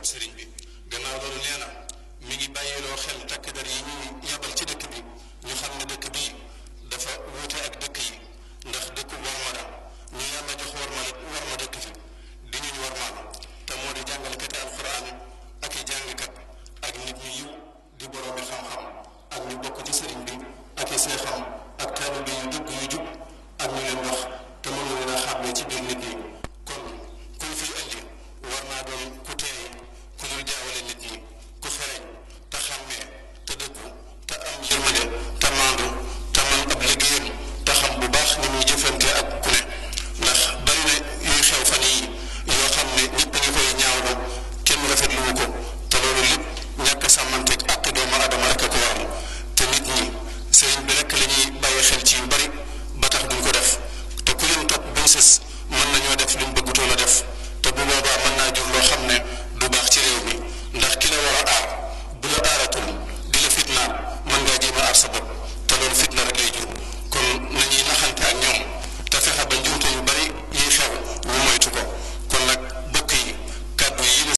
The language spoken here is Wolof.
barkeb sëriñ bi gannaaw loolu nee na mi ngi bàyyiloo xel takk der yi ñuy yabal ci dëkk bi ñu xam ne dëkk bi dafa wuute ak dëkk yi ndax dëkk war ma la ñu yàlla jox war ma war ma dëkk fi di ñuñ war maal te moo di jàngalekati alxuraan ak i jàngkat ak nit ñu yiw di boroomi xam-xam ak ñu bokk ci sëriñ bi ak i seexam bàyyi xel ci yu bari ba tax duñ ko def te ku leen topp bañ sës mën nañoo def liñ bëggutoon a def